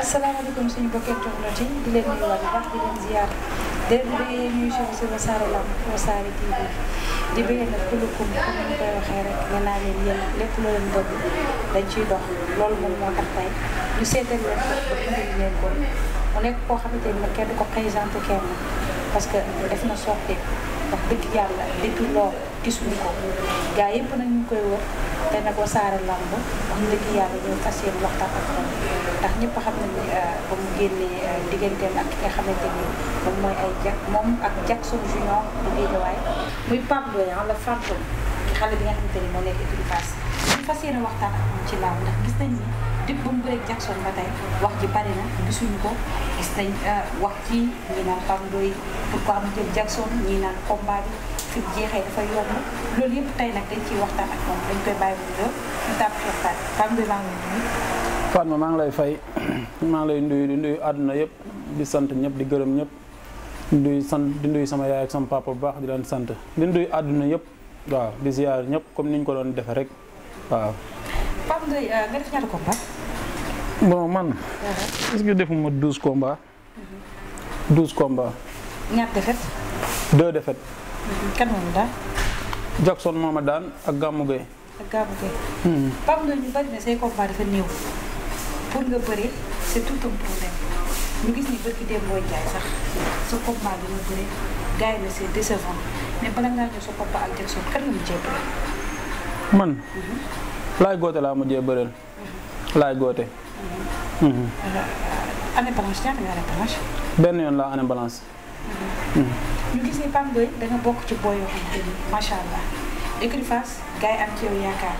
asalaamaaleykum suñu mbokki internet yi di leen nuyuwaat bu baax di leen ziar di leen bëggee ñuy suivre si Wassare Lamb Wassare TV di bëggee nag kulukum comme ni dañ ciy dox loolu moom moo tax tey ñu seetal leen ko mu nekk koo xamante ni nag kenn du ko présenté kenn parce que def na sorti wax dëgg yàlla depuis loolu. gisuñu ko gaa yëpp nag ñu koy wër te nag Wassare Lamb wax dëgg yàlla ñoo fas yéene waxtaan ak moom ndax ñëpp xam nañu euh, ba euh, ak ki xamante ni moom mooy ay Jack moom ak Jackson Junior bu Guédiawaye ah, la fantôme ki xale bi nga xamante ni moo nekk écurie Fass ñu fas yéene waxtaan ak moom ci làmb ndax gis nañ ni dëpp ba mu bëreeg Jackson ba tey wax ji bari gisuñu ko gis nañ euh, wax ci ñi naan Pape Ndoye pourquoi mu jël Jackson ñi naan combat fi maa ngi lay fay maa ngi lay nuyu di nuyu àdduna yëpp di sant ñëpp di gërëm ñëpp di nuyu sant sama yaay ak bu baax di leen sant di nuyu àdduna yëpp waaw di ziar ñëpp comme ni ñu ko doon defee rek waaw. Pape euh, man. Uh-huh. est-ce que defuma douze combats. Mm-hmm. douze combats. ñaata défaite. deux défaites. kan moom daan. a daan ak Gamou Gueye. ak Gamou Gueye. Pape hmm. ñu bari say combat dafa néew pour nga bëri c'est tout un problème ñu gis ni bëgg dem booy jaay sax sa combat bi bëri gars yi ne c'est mais bala ngaa ñëw sa combat ak Jackson kan nga mujjee bëri. man. Mm-hmm. laay goote laa mujjee bëreel. Mm-hmm. laay goote. Mm-hmm. Euh, année balance ñaata nga année balance. benn yoon laa année balance. ñu gis ni Pape Ndoye da bokk ci booy yoo xamante ni allah écurie Fass yi am ci yow yaakaar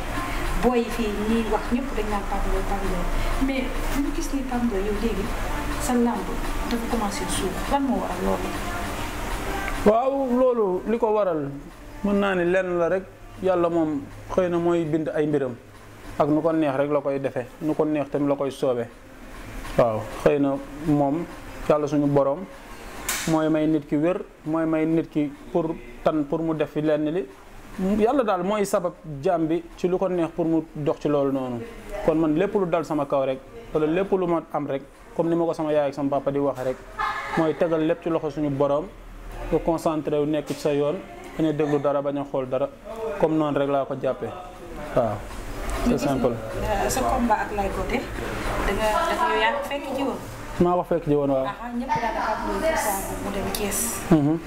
booy yi fii ñuy wax ñëpp dañ naan Pape Ndoye Pape Ndoye gis ni Pape yow léegi sa làmb dafa commencé suuf lan moo waral loolu. waaw loolu li ko waral mën naa ne lenn la rek yàlla moom xëy na mooy bind ay mbiram ak nu ko neex rek la koy defe nu ko neex tamit la koy soobee waaw xëy na moom yàlla suñu boroom. mooy may nit ki wér mooy may nit ki pour tan pour mu def fi lenn li yàlla daal mooy sabab jaam bi ci lu ko neex pour mu dox ci loolu noonu kon man lépp lu dal sama kaw rek wala lépp lu ma am rek comme ni ma ko sama yaay ak sama papa di waxee rek mooy tegal lépp ci loxo suñu borom nga concentré wu nekk ci sa yoon bañ a déglu dara bañ xool dara comme noonu rek laa ko jàppee waaw. maa wax fekk ji woon waaw. Mhm.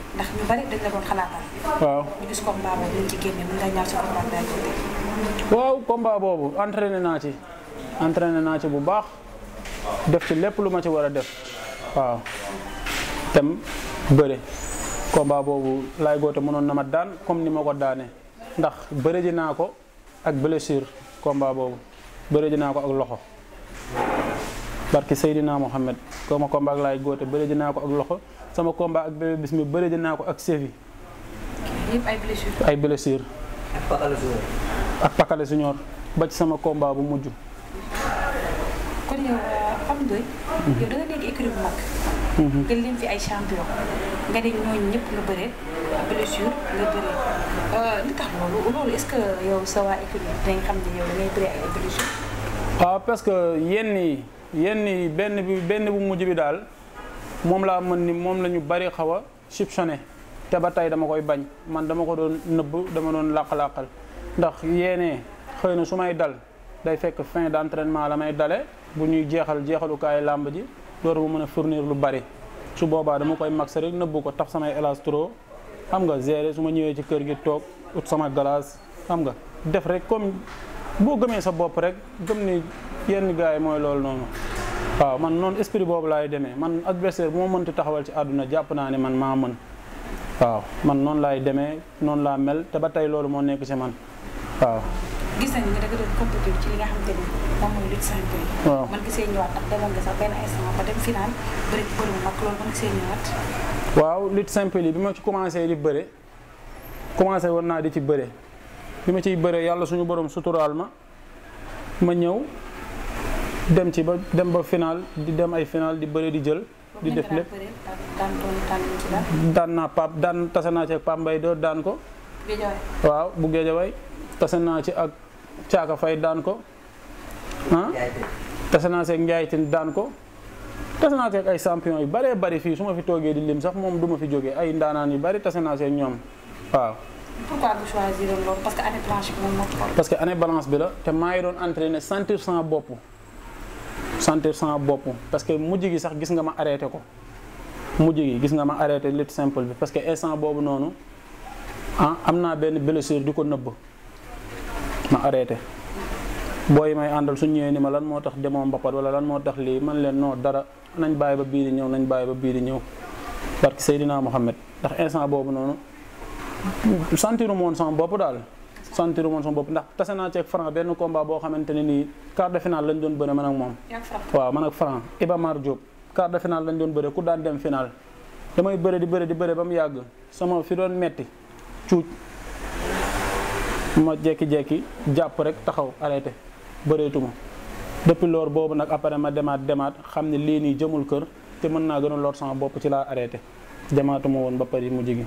waaw ñu boobu ñu ci génne naa ci entraîné naa ci bu baax def ci lépp lu ma ci war a def waaw tem bëre combat boobu laay goote mënoon na ma daan comme ni ma ko daane ndax bëre ji naa ko ak blessure combat boobu bëre ji naa ko ak loxo. barki Seydina Mohamed sama combat ak laay góote bëri dinaa ko ak loxo sama combat ak bébé bis mi bëri dinaa ko ak sévi ay blessures ak pakale senior ba ci sama combat bu mujj kon yow xam euh, mhm. nga nekk écurie bu mhm. ñëpp nga bëre blessure nga euh, tax loolu loolu est-ce que yow sa waa écurie dinañ xam ne yow da ngay bëre ay blessure waaw ah, parce que yenn yi benn bi benn bu mujj bi daal moom laa man ni moom la ñu bari xaw a soupçonné te ba tey dama koy bañ man dama ko doon nëbb dama doon làq-làqal ndax yéenee xëy na su may dal day fekk fin d'entraînement la may dale bu ñuy jeexal jeexalukaay làmb ji dootu mu mën a fournir lu bari su boobaa dama koy max rek nëbbu ko taf samay élastro xam nga gérer su ma ñëwee ci kër gi toog ut sama glace xam nga def rek comme boo gëmee sa bopp rek gëm ni yenn gars yi mooy loolu noonu waaw man noonu esprit boobu laay demee man adversaire moo mënti taxawal ci àdduna jàpp naa ne man maa mën waaw man noonu laay demee noonu laa mel te ba tey loolu moo nekk ci man waaw. gis li nga simple yi. bi ma ci commencé di bëre commencé woon naa di ci bëre bi ma ciy bëre yàlla suñu borom suturaal ma ma ñëw. dem ci ba dem ba final di dem ay final di bëre di jël. di def lépp daan naa Pape daan tase naa ci ak Pape Mbaye Dóor daan ko. waaw bu Géejawaay tase naa ci ak Caaka Fay daan ko. ah tase naa ci ak Ndiaye Tine daan ko. tase naa ci ak ay champion yu baree bari fii su ma fi toogee di lim sax moom du ma fi jógee ay ndaanaan yu bari tase naa ci ak ñoom waaw. parce que anne blanche bi balance bi la te maa ngi doon entraîné sentir sans bopp. sentir sama bopp parce que mujj gi sax gis nga ma arrêté ko mujj gi gis nga ma arrêté lutte simple bi parce que instant boobu noonu ah am naa benn blessure di ko nëbb ma arrêté booy may àndal suñ ñëwee ni ma lan moo tax demoo mbapat wala lan moo tax lii man leen non dara nañ bàyyi ba bii di ñëw nañ bàyyi ba bii di ñëw barke Seydina Mohamed ndax instant boobu noonu sentiru moon sama bopp daal sentir moon sama bopp ndax tase naa ceeg franc benn combat boo xamante ne nii quart de finale lañ doon bëre man ak moom waaw man ak franc Iba Mar Diop quart de finale lañ doon bëre ku daan dem finale damay bëre di bëre di bëre ba mu yàgg sama fi doon metti cuuc ma jekki-jekki jàpp rek taxaw arrêté bëreetuma depuis loor boobu nag après ma demaat demaat xam ne lii nii jëmul kër te mën naa gën a lor sama bopp ci laa arrêté demaatuma woon ba Paris mu jigi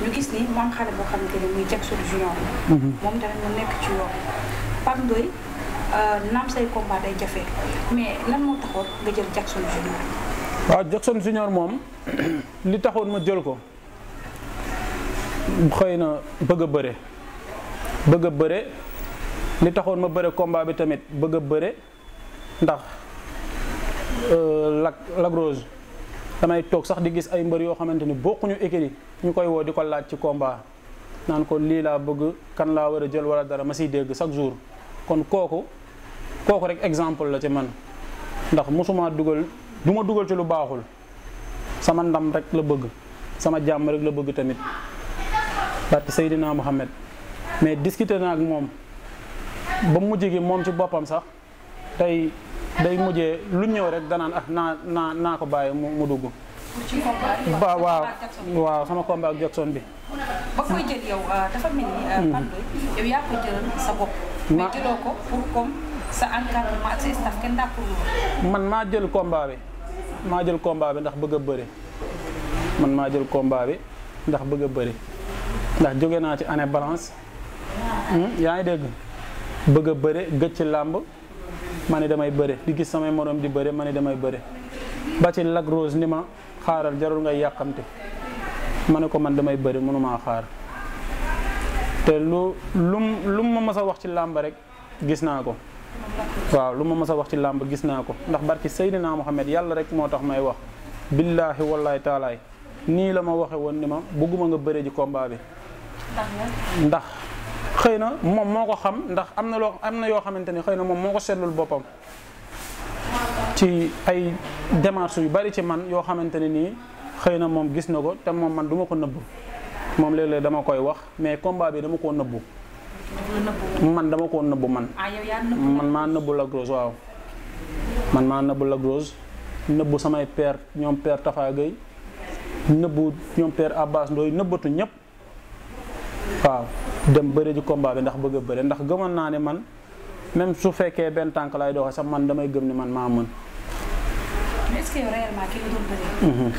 ñu gis ni moom xale boo xamante ne muy Jackson Junior. Mhm. moom tamit mu nekk ci yoon. Pape euh, naam say combat day jafe mais lan moo taxoon nga jël Jackson Junior. waaw Jackson Junior moom li taxoon ma jël ko xëy na bëgg a bëre bëgg a bëre li taxoon ma bëre combat bi tamit bëgg a bëre ndax euh, Lac Lac Rose samay toog sax di gis ay mbër yoo xamante ni bokkuñu écurie ñu koy woo di ko laaj ci komba naan ko lii laa bëgg kan laa war a jël wala dara ma siy dégg chaque jour kon kooku kooku rek exemple la ci man ndax mosuma dugal du ma dugal ci lu baaxul sama ndam rek la bëgg sama jàmm rek la bëgg tamit barke Seydina Mohamed mais discuter naa ak moom ba mujj gi moom ci boppam sax tey day mujjee lu ñëw rek danaan ah naa naa ko bàyyi mu dugg. waaw waaw sama combat ak bi. Euh, euh, hmm. ma jëloo ko pour comme man maa jël combat bi maa jël combat bi ndax bëgg a man maa jël combat bi ndax bëgg a ndax jóge naa ci année balance. Hmm, yaa ngi dégg bëgg a bëri làmb. ma ne damay bëre di gis samay morom di bëre ma ne damay bëre ba ci Lac Rose ni ma xaaral jarul ngay yàqamte ma ne ko man damay bëre mënumaa xaar te lu lum lu ma mës a wax ci làmb rek gis naa ko waaw lu ma mës a wax ci làmb gis naa ko ndax barki naa Mohamed yàlla rek moo tax may wax billaahi wallaahi taalaay nii la ma waxe woon ni ma bëgguma nga bëre ji combat bi ndax xëy na moom moo ko xam ndax am na loo am na yoo xamante ni xëy na moom moo ko seetlul boppam ci ay démarches yu bari ci man yoo xamante ne nii xëy na moom gis na ko te moom man du ma ko nëbbu moom léeg-léeg koy wax mais combat bi dama koo nëbbu. man dama koo nëbbu man. Ah, man maa nëbbu la waaw. man maa nëbbu la grosse nëbbu samay père ñoom père Tafa Gueye nëbbu ñoom père Abbas Ndoye nëbbatu ñëpp waaw. dem bëri ji bi ndax bëgg a ndax gëmoon naa ne man même su fekkee benn tànk lay doxee sax man damay gëm ni man maa mën. que yow réellement mhm.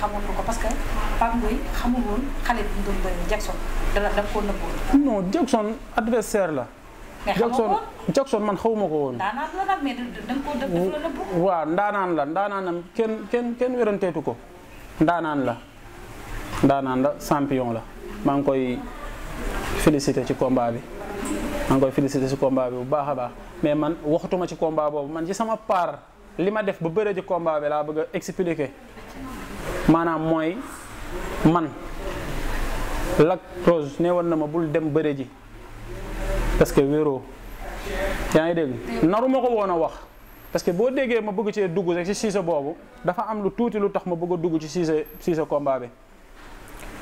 Jackson la da ko nëbboon. non adversaire la. Jackson Jackson man xawuma ko woon. ndaanaan la ndaanaan la kenn weranteetu ko ndaanaan la ndaanaan la champion la maa koy. félicité ci combat bi maa ngi koy félicité ci combat bi bu baax a baax mais man waxatuma ci combat boobu man ci sama part li ma def ba bëre ci combat bi laa bëgg a maanaam mooy man Lac Rose ne woon na ma bul dem bëre ji parce que wéeroo yaa ngi dégg naru ma ko woon a wax parce que boo déggee ma bëgg cee dugg rek ci siise boobu dafa am lu tuuti lu tax ma bëgg a dugg ci siise siise combat bi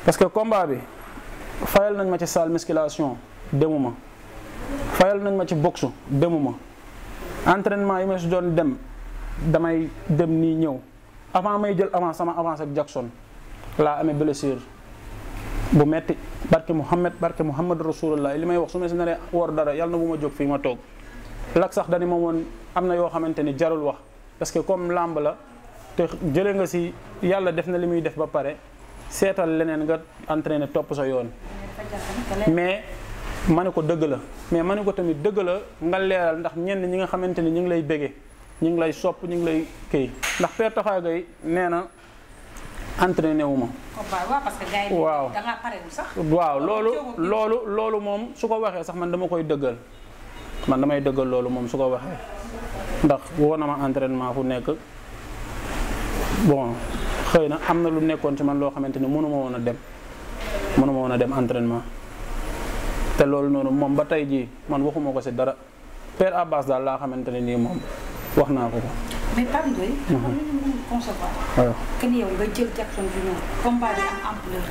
parce que bi fayal nañ ma ci salle demu ma fayal nañ ma ci demu ma entraînement yi ma si doon dem damay dem nii ñëw avant may jël avance sama avance ak Jackson laa amee blessure bu metti barke Mouhamed barke Mouhamed rasulullah li may wax su ma si naree woor dara yàlla na bu ma jóg fii ma toog lak sax dani ma woon am na yoo xamante ni jarul wax parce que comme làmb la te jëlee nga si yàlla def na li muy def ba pare seetal leneen nga entraîné topp sa yoon mais ma ne ko dëgg la mais ma ne ko tamit dëgg la nga leeral ndax ñenn ñi nga xamante ni ñu ngi lay bége ñu ngi lay sopp ñu ngi lay kii ndax Père Tafa gay nee na entraîné wu ma. waaw da waaw loolu loolu loolu moom su ko waxee sax man dama koy dëggal man damay dëggal loolu moom su ko waxee ndax woo na ma entrainement fu nekk bon. xëy na am na lu nekkoon ci man loo xamante ni mënu ma woon a dem mënu ma woon a dem entraînement te loolu noonu moom ba tey jii man waxuma ko si dara Père Abbas daal laa xamante ne nii moom wax naa ko ko. mais Pape mhm. nga jël Jackson Junior combat bi am ampleur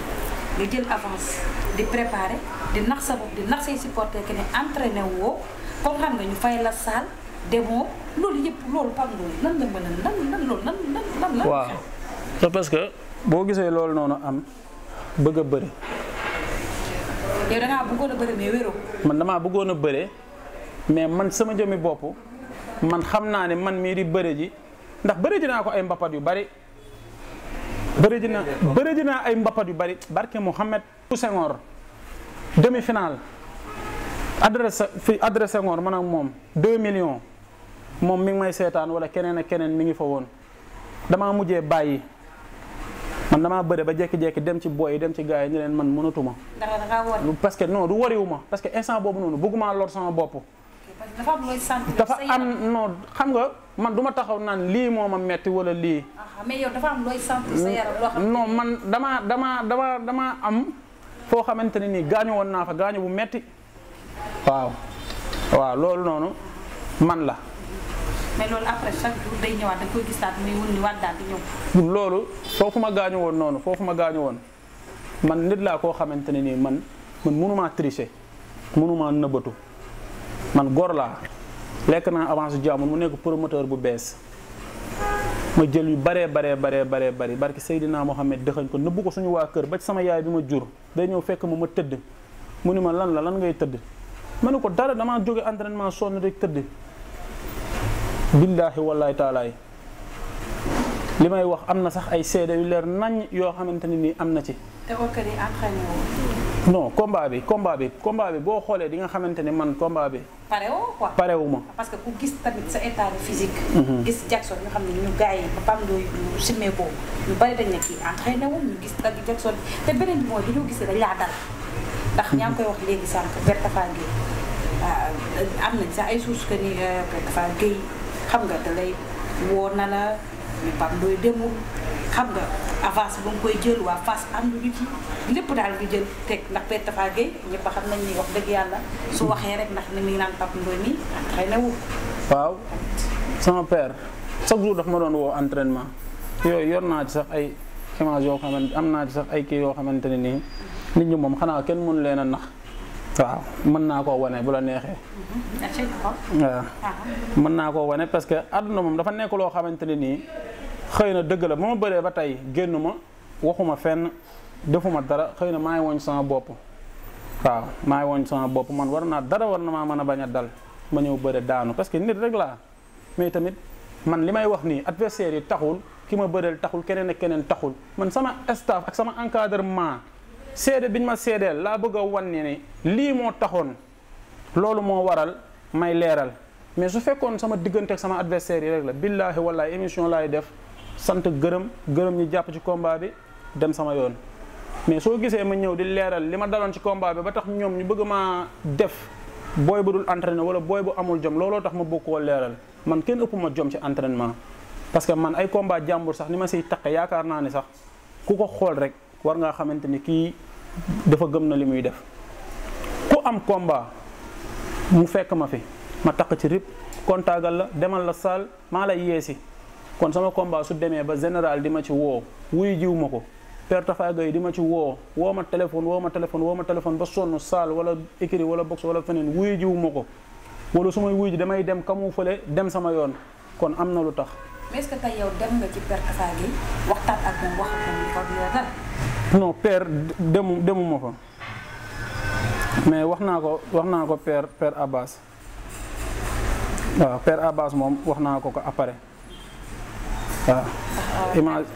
nga jël avance di préparer di nax sa bopp di nax say supporter que ni entraîné woo comme xam nga ñu fay la salle demoo loolu yëpp loolu Pape Ndoye lan la mën a lan lan loolu lan lan lan la. c'est parce que boo gisee loolu noonu am bëgg a bëre. yow da bëggoon a bëre mais man damaa bëggoon bëre mais man sama jëmmi bopp man xam naa ne man mii di bëre ji ndax bëre ji naa ko ay mbapat yu bari. bëre ji naa bëre ji naa ay mbapat yu bari barke Mouhamed Senghor demi finale adresse fi adresse Senghor man ak moom 2 millions moom mi ngi may seetaan wala keneen ak keneen mi ngi fa woon damaa mujjee bàyyi. man damaa bëre ba jékki-jékki dem ci booy dem ci gars yi ñu leen man mënatuma parce que non du wariwu ma parce que instant boobu noonu bëgguma lor sama bopp dafa am non xam nga man duma taxaw naan lii moo ma metti wala lii mais dafa am looy sa yaram man damaa damaa damaa damaa am foo xamante ne nii gaañu woon naa fa gaañu bu metti waaw waaw loolu noonu man la mais loolu après loolu foofu ma gaañu woon noonu foofu ma gaañu woon man nit laa koo xamante ne nii man man mënumaa tricher mënumaa nëbbatu man gor laa lekk naa avance jaamu mu nekk promoteur bu bees ma jël yu bare baree baree baree bari barki Seydina Mohamed dëxañ ko nëbbu ko suñu waa kër ba sama yaay bi ma jur day ñëw fekk ma ma tëdd mu ni ma lan la lan ngay tëdd ma ne ko dara damaa jóge entraînement sonn rek tëdd billaahi wallaahi taalaay li may wax am na sax ay seede yu leer nañ yoo xamante ne nii am na ci. te non combat bi combat bi combat bi boo xoolee di nga xamante ne man combat bi. parewoo parce que ku gis tamit sa état de physique. Mhm. gis Jackson ñu xam ne ñu gars yi ba PAM bari dañ ne kii entraîné wu gis tamit Jackson te beneen bi mooy ñu gis dañ laa dal. ndax ñaa koy wax léegi sànq Bertha Fangé ah, am nañ sax ay sources que ni euh, Bertha Fangé. xam nga da lay woo na la ñu pam looy demul xam nga avance bu nga koy jël waa face ànduñu ci lépp daal nga jël teg ndax Père Tapha Gueye ñëpp xam nañ wax dëgg yàlla su waxee rek ndax ni mi ngi naan Pape Ndoye nii entraîné wu waaw sama père ma doon woo entraînement yooyu yor naa ci sax ay image yoo xamante am naa ci sax ay kii yoo xamante ne nii nit ñi moom xanaa kenn mënu leen a nax waaw mën naa ko wane bu la neexee. waaw mën naa koo wane parce que àdduna moom dafa nekk loo xamante ne nii xëy na dëgg la ba ma bëree ba tey génn ma waxuma fenn defuma dara xëy na maa ngi woon sama bopp. waaw maa ngi woon sama bopp man war naa dara war na maa mën a bañ a dal ma ñëw bëre daanu parce que nit rek laa mais tamit man li may wax nii adversaire yi taxul ki ma bëreel taxul keneen ak keneen taxul man sama staff ak sama encadrement. séede bi ñu ma seedeel laa bëgg a wan ne ni lii moo taxoon loolu moo waral may leeral mais su fekkoon sama diggante ak sama adversaire yi rek la billaahi wallaahi émission laay def sant gërëm gërëm ñu jàpp ci komba bi dem sama yoon mais soo gisee ma ñëw di leeral li ma daloon ci combat bi ba tax ñoom ñu bëgg maa def booy bu dul entraîné wala booy bu amul jom looloo tax ma bëgg koo leeral man kenn ëpp ma jom ci entraînement parce que man ay combat jàmbur sax ni ma siy taqe yaakaar naa ne sax ku ko xool rek war ngaa xamante ni kii dafa gëm na li muy def ku am komba mu fekk ma fi ma takk ci rib kontaagal la demal la saal maa lay yeesi kon sama combat su demee ba général di ma ci woo wuyu jiw ma ko perte faaga yi di ma ci woo woo ma téléphone woo ma téléphone woo ma téléphone ba sonn saal wala écrit wala box wala feneen wuyu jiw ma ko wala su may wuyu damay dem kamu fële dem sama yoon kon am na lu tax. mais est-ce que tey non père demu demuma fa mais wax naa ko wax naa ko per père Abbas waaw père Abbas moom wax naa ko ko après waaw ah, uh-huh. image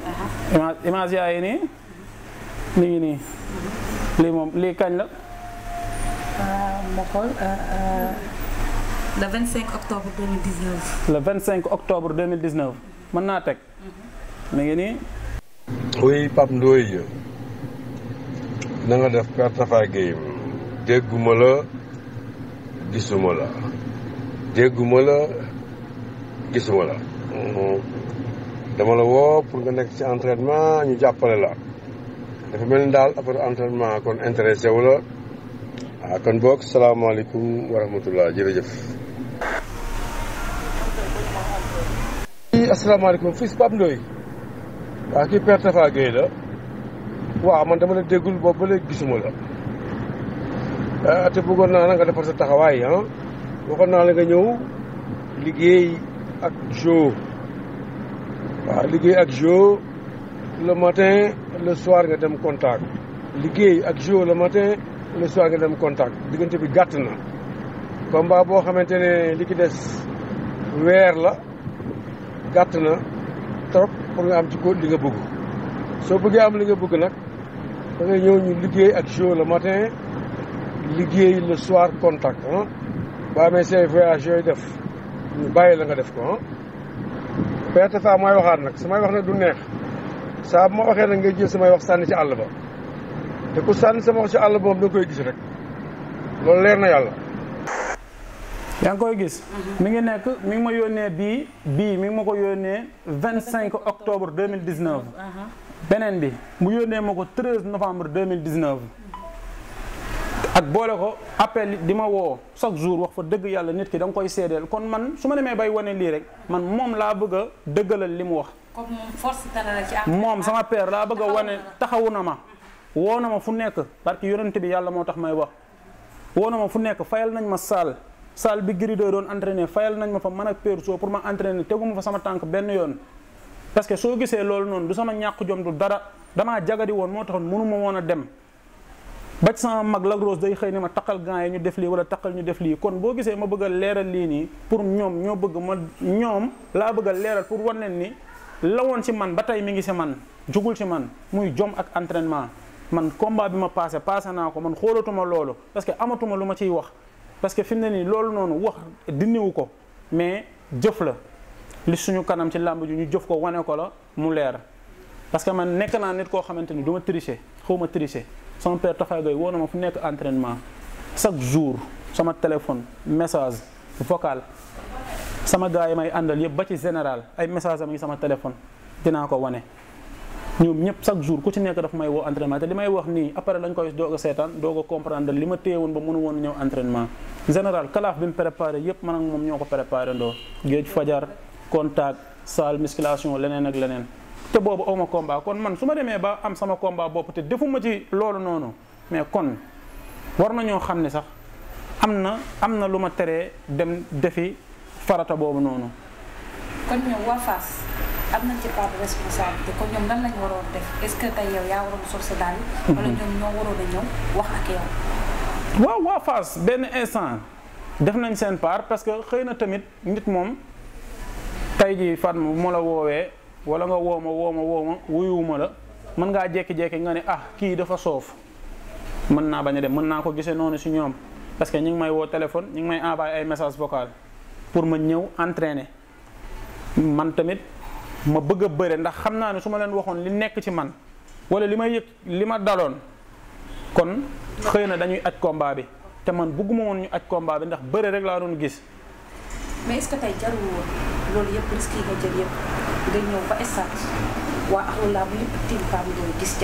image image nii mi ngi nii li moom lii kañ la ah, ma xool ah, le 25 octobre 2019 le 25 octobre 2019 mën naa teg mhm. mi ngi nii oui na nga def Père Tapha Guèye dégguma la gisuma la dégguma la gisuma la mhm. dama la woo pour nga nekk ci entraînement ñu jàppale la dafa mel ni daal après entraînement kon intéressé wu la bok ah, kon boog salaamaaleykum wa rahmatullah jërëjëf asalaamaaleykum fils Pape Ndoye waaw ah, kii Père Tapha la waaw man dama la déggul boobu ba gisuma la ah, te bëggoon naa la nga defar sa taxawaay ah waxoon naa la nga ñëw liggéey ak jo waa liggéey ak jo le matin le soir nga dem contact liggéey ak jo le matin le soir nga dem contact diggante bi gàtt na combat boo xamante ne li ki des weer la gàtt na trop pour nga am ci ko li nga bëgg soo bëggee am li nga bugg nag da ngay ñëw ñu liggéey ak jour la matin liggéey le soir contact ah boo say voyage yooyu def ñu bàyyi la nga def ko ah perte fa may waxaat nag samay wax nag du neex saa bu ma waxee nag ngay jël samay wax sànni ci àll ba te ku sànni sama wax ci àll boobu da koy gis rek loolu leer na yàlla yaa ngi koy gis mhm. mi ngi nekk mi ngi ma yónnee bii bii mi ngi ma ko yónnee vingt cinq octobre deux mille beneen bi mu yónnee ma ko 13 novembre 2019 ak boole ko appel di ma woo chaque jour wax fa dëgg yàlla nit ki danga koy seedeel kon man su ma demee bay wane lii rek man moom laa bëgg dëggalal li mu wax. moom sama père laa bëgg a wane taxawu na ma. woo na ma fu nekk parce que yonent bi yàlla moo tax may wax woo na ma fu nekk fayal nañ ma salle salle bi Gris 2 doon entraîné fayal nañ ma fa mën ak Père Sow pour ma entraîné tegu ma fa sama tànk benn yoon. parce que soo gisee loolu noonu du sama ñàkk jom du dara damaa jagadi woon moo taxoon mënu ma woon a dem ba ci sama mag Lac Rose day xëy ne ma taqal gants yi ñu def lii wala taqal ñu def lii kon boo gisee ma bëgg a leeral lii nii pour ñoom ñoo bëgg ma ñoom laa bëgg a leeral pour wan leen nii la woon ci man ba tey mi ngi ci man jugul ci man muy jom ak entraînement man combat bi ma passé passé naa ko man xoolatuma loolu parce que amatuma lu ma ciy wax parce que fi mu ne nii loolu noonu wax dindiwu ko mais jëf la li suñu kanam ci làmb ji ñu jëf ko wane ko la mu leer parce que man nekk naa nit koo xamante ni du ma tricher xaw ma tricher sama père Tafa Gueye woo na ma fu nekk entraînement chaque jour sama téléphone message vocal sama gars yi may àndal yëpp ba ci général ay message am ngi sama téléphone dinaa ko wane. ñoom ñëpp chaque jour ku ci nekk daf may woo entraînement te li may wax nii après lañ koy doog a seetaan doog a li ma téye woon ba mënu woon ñëw entraînement général kalaaf bi mu préparé yëpp man ak ñoo ko préparé ndoo géej contact salle musculation leneen ak leneen te boobu aw ma combat kon man su ma demee ba am sama combat bopp te defuma ci loolu noonu mais kon war na ñoo xam ne sax am na am na lu ma teree dem defi farata boobu noonu. kon ñoom waa Fass waroon def est-ce que tey yow yaa waroon sol sa daal. Mhm. wala ñoom ñoo waroon a ñëw wax ak yow. waaw waa benn instant def nañ seen part parce que xëy na tamit nit moom. tey jii Fatma bu ma la woowee wala nga woo ma woo ma woo ma wuyuwuma la mën ngaa jékki-jékki nga ne ah kii dafa soof mën naa bañ a dem mën naa ko gisee noonu si ñoom parce que ñu ngi may woo téléphone ñu ngi may envoyé ay message vocal pour ma ñëw entraîner man tamit ma bëgg a bëre ndax xam naa ne su ma leen waxoon li nekk ci man wala li may yëg li ma daloon kon xëy na dañuy aj combat bi te man bëgguma woon ñu aj combat bi ndax bëre rek laa doon gis. loolu yëpp risques yi nga jël yëpp nga ñëw ba stade waa axlu laa bu yëpp tiim Pape Ndoye gis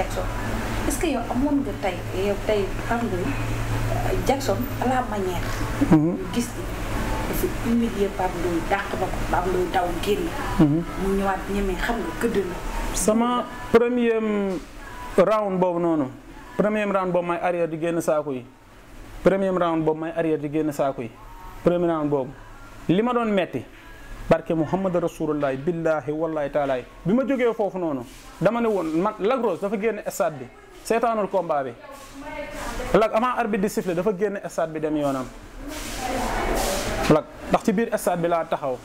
Jackson est euh, mhm. gis dafa humilier Pape Ndoye dàq ba ko Pape Ndoye daw génn. Mhm. mu ñëwaat ñemee xam nga gëdd na. sama premier round boobu noonu premier round boobu may arrière di génn saako yi premier round boobu may arrière di génn saako yi premier round boobu li ma doon metti barke Muhammad Rasulullah billahi wallahi taalaay bi ma jógee foofu noonu dama ne woon man Lac Rose dafa génn stade bi seetaanul combat bi Lac avant arbitre di siffler dafa génn stade bi dem yoonam Lac ndax ci biir stade bi laa taxaw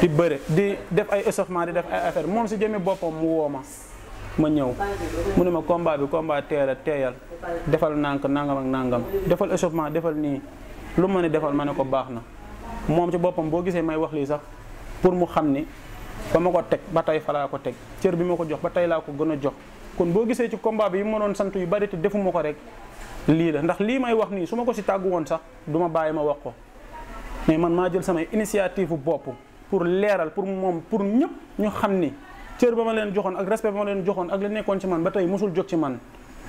di bëre di def ay échauffement di def ay affaire moom si jëmi boppam mu woo ma ma ñëw mu ne ma combat bi combat teel a teeyal defal nànk nangam ak nangam defal échauffement defal nii lu ma ne defal ma ne ko baax na moom ci boppam boo gisee may wax lii sax pour mu xam ni ba ma ko teg ba tey fa ko teg cër bi ma ko jox ba tey laa ko gën a jox kon boo gisee ci combat bi yi ma doon sant yu bari te defuma ko rek lii la ndax lii may wax nii su ma ko si tàggu sax du ma bàyyi ma wax ko mais man maa jël samay initiative bopp pour leeral pour moom pour ñëpp ñu xam ni cër ba ma leen joxoon ak respect leen joxoon ak nekkoon ci man ba tey mosul jóg ci man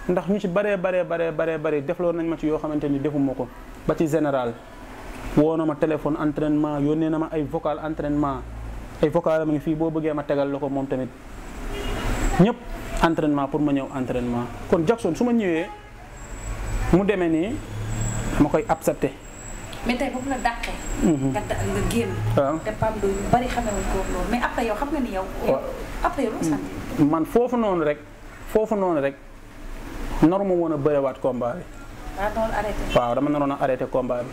ndax ñu ci baree baree baree baree baree defloo nañ ma ci yoo xamante ni defuma ko ba ci général woo na ma téléphone entraînement yónnee na ma ay vocal entrainement ay vocal am ngi fii boo bëggee ma tegal la ko moom tamit ñëpp entraînement pour ma ñëw entrainement kon Jackson su ma ñëwee mu demee nii ma koy accepté. mais mhm. te Pape bari xamee wuñ xam nga yow. après man foofu noonu rek foofu noonu rek nar ma woon a bëriwaat combat Ah, waaw dama naroon a arrêté combat bi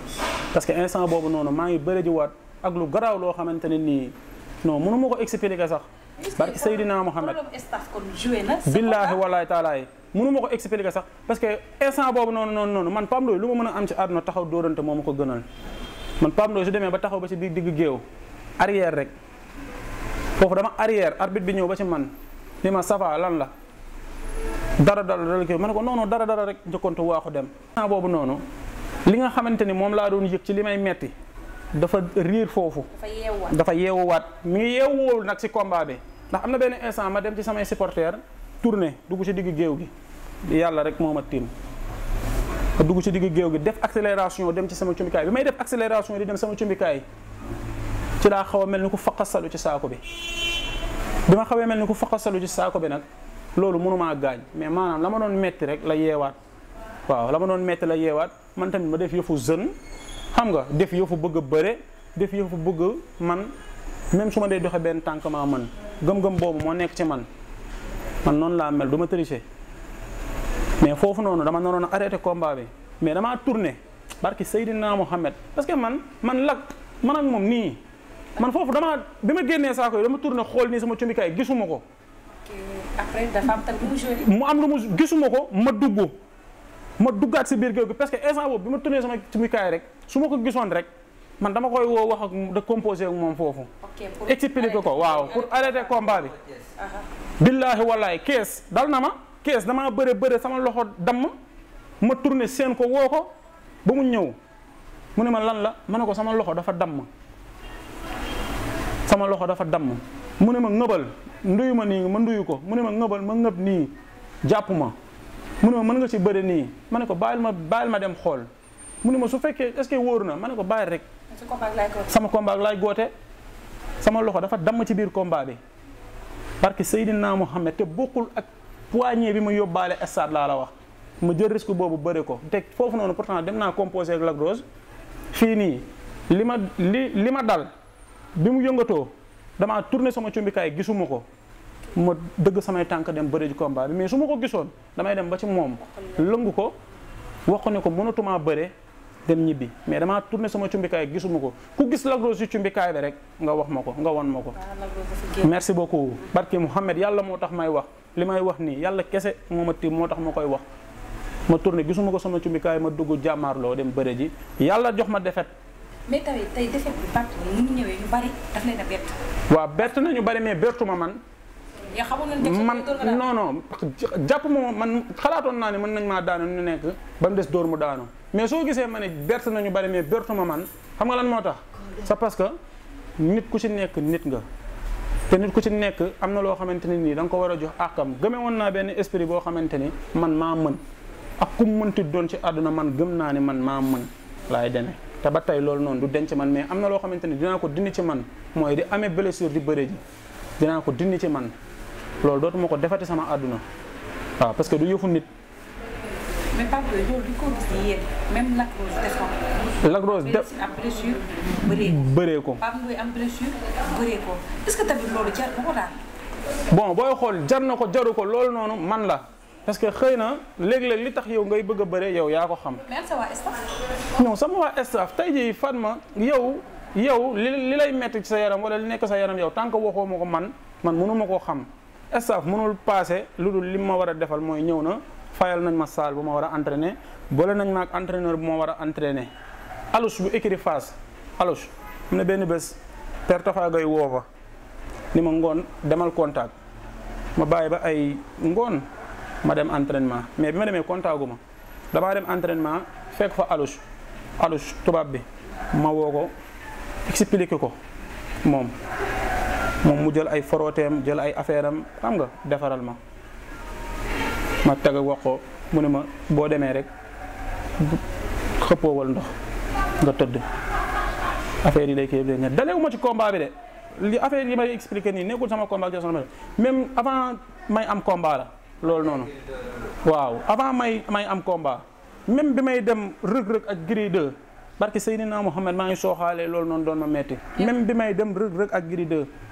parce que instant boobu noonu maa ngi bëri jiwaat ak lu garaaw loo xamante ne nii non mënu ma ko expliquer sax barke Seydina Mohamed billaahi wallaahi taala yi mënu ko expliquer sax parce que instant boobu noonu noonu noonu man Pape lu ma mën a am ci àdduna taxaw dóorante moo ma ko gënal man Pape Ndoye su demee ba taxaw ba ci biir digg géew arrière rek foofu dama arrière arbit bi ñëw ba ci man li ma safa lan la dara dara dara kii ma ne ko noonu dara dara rek njëkkoontu waaxu dem. naa boobu noonu li nga xamante ni moom laa doon yëg ci li may metti dafa riir foofu. dafa yeewuwaat dafa yeewuwaat mi ngi yeewuwul nag ci combat bi ndax am na benn instant ma dem ci samay supporters tourné dugg ci diggu géew gi yàlla rek moom ma tiim. ma ci digg géew gi def accélération dem ci sama cumbikaay bi may def accélération di dem sama cumbikaay ci laa xaw a mel ni ku faqasalu ci saako bi bi ma xawee mel ni ku faqasalu ci saako bi loolu mënumaa gaañ mais maanaam la ma doon metti rek la yeewaat waaw la ma doon metti la yeewaat man tamit ma def yëfu jeune xam nga def yëfu bëgg a bëre def yëfu bëgg man même su ma dee doxe benn tànk maa man gëm-gëm boobu moo nekk ci man man noonu laa mel du ma tricher mais foofu noonu dama naroon a arrêté combat bi mais damaa tourné barki Seydina Mohamed parce que man man lag man ak moom nii man foofu damaa bi ma génnee saako yi dama tourné xool nii sama cumbikaay gisuma ko après am tam mu joué. am lu mu gisuma ko ma dugg ma duggaat si biir géej bi parce que instant boobu bi ma tënee sama cimikaay rek su ma ko gisoon rek man dama koy woo wax ak de composé ak moom foofu. ok expliqué ko waaw pour arrêter combat bi. billaahi wallaahi kees dal na ma kees damaa bëre bëre sama loxo damm ma tourné seen ko woo ko ba mu ñëw mu ne ma lan la ma ne ko sama loxo dafa damm sama loxo dafa damm mu ne ma ngëbal. nduyu ma nii ma nduyu ko mu ne ma ngëbal ma ngëb nii jàppuma mu ne ma mën nga ci bëre nii ma ne ko bàyyil ma bàyyil ma dem xool mu ne ma su fekkee est-ce que na ma ne ko bàyyil rek sama combat laay goote sama loxo dafa damm ci biir combat bi parce que Seydina Mohamed te bokkul ak poignée bi ma yóbbaale stade laa la wax ma jël risque boobu bëre ko te foofu noonu pourtant dem naa composé ak Lac fii nii li ma li li ma dal bi mu yëngatoo damaa tourné sama cumbikaay gisuma ko ma dëgg samay tànk dem bëri ji combat bi mais su ma ko gisoon damay dem ba ci moom lëngu ko wax ko ko mënatuma bëre dem ñibbi mais damaa tourné sama cumbikaay gisuma ko ku gis Lac Rose cumbikaay bi rek nga wax ma ko nga won ma ko ah, merci beaucoup barki Mouhamed yàlla moo tax may wax li may wax nii yàlla kese moom a tiim moo tax ma koy wax ma turne gisuma ko sama cumbikaay ma dugg jàmmaarloo dem bëre ji yàlla jox ma defet mais bert tey defet bi bàtt ni mu nañu bari mais man man non non jàpp ma man xalaatoon naa ne mën nañ maa daanu ñu nekk ba mu des dóor mu daanu mais soo gisee ma ne berte nañu bari mais bertu ma man xam nga lan moo tax c'est parce que nit ku ci nekk nit nga te nit ku ci nekk am na loo xamante ne nii da nga ko war a jox àqam gëme woon naa benn esprit boo xamante ni man maa mën ak ku mënti doon ci àdduna man gëm naa ne man maa mën laay demee te ba tey loolu noonu du denc man mais am na loo xamante ni dinaa ko dindi ci man mooy di amee blessure di bëre ji dinaa ko dindi ci man loolu dootuma ko defati sama àdduna waaw parce que du yëfu nit. mais ko gis yéen Rose def ko. Lac bëree ko bëree que tamit bon booy xool jar na ko jaru ko loolu noonu man la parce que xëy na léeg-léeg li tax yow ngay bëgg a bëree yow yaa ko xam. mais sa waa staff. non sama waa staff tey jii Fatma yow yow li li lay metti ci sa yaram wala li nekk sa yaram yow tant que waxoo ma ko man man mënu ma koo xam. staff mënul paase lu dul li ma war a defal mooy ñëw na fayal nañ ma salle bu ma war a entraîner boole nañ ma ak entraîneur bu ma war a entraîner alus bu écrit face alus am na benn bés per tafaagay woo fa ni ma ngoon demal contact ma bàyyi ba ay ngoon ma dem entrenement mais bi ma demee contact ma damaa dem entraînement fekk fa alus alus tubaab bi ma woo ko expliqué ko moom moom mu jël ay forooteem jël ay affaire am xam nga defaral ma ma teg a wax ko mu ne ma boo demee rek xëppoowal ndox nga tëdd affaire yi lay kii yëpp dalewu ma ci combat bi de li affaire yi may expliqué nii nekkul sama combat ak sama même avant may am combat la loolu noonu waaw avant may may am combat même bi may dem rëg-rëg ak Gris 2 barke Seydina Mohamed maa ngi sooxaale loolu noonu doon ma metti même bi may dem rëg-rëg ak Gris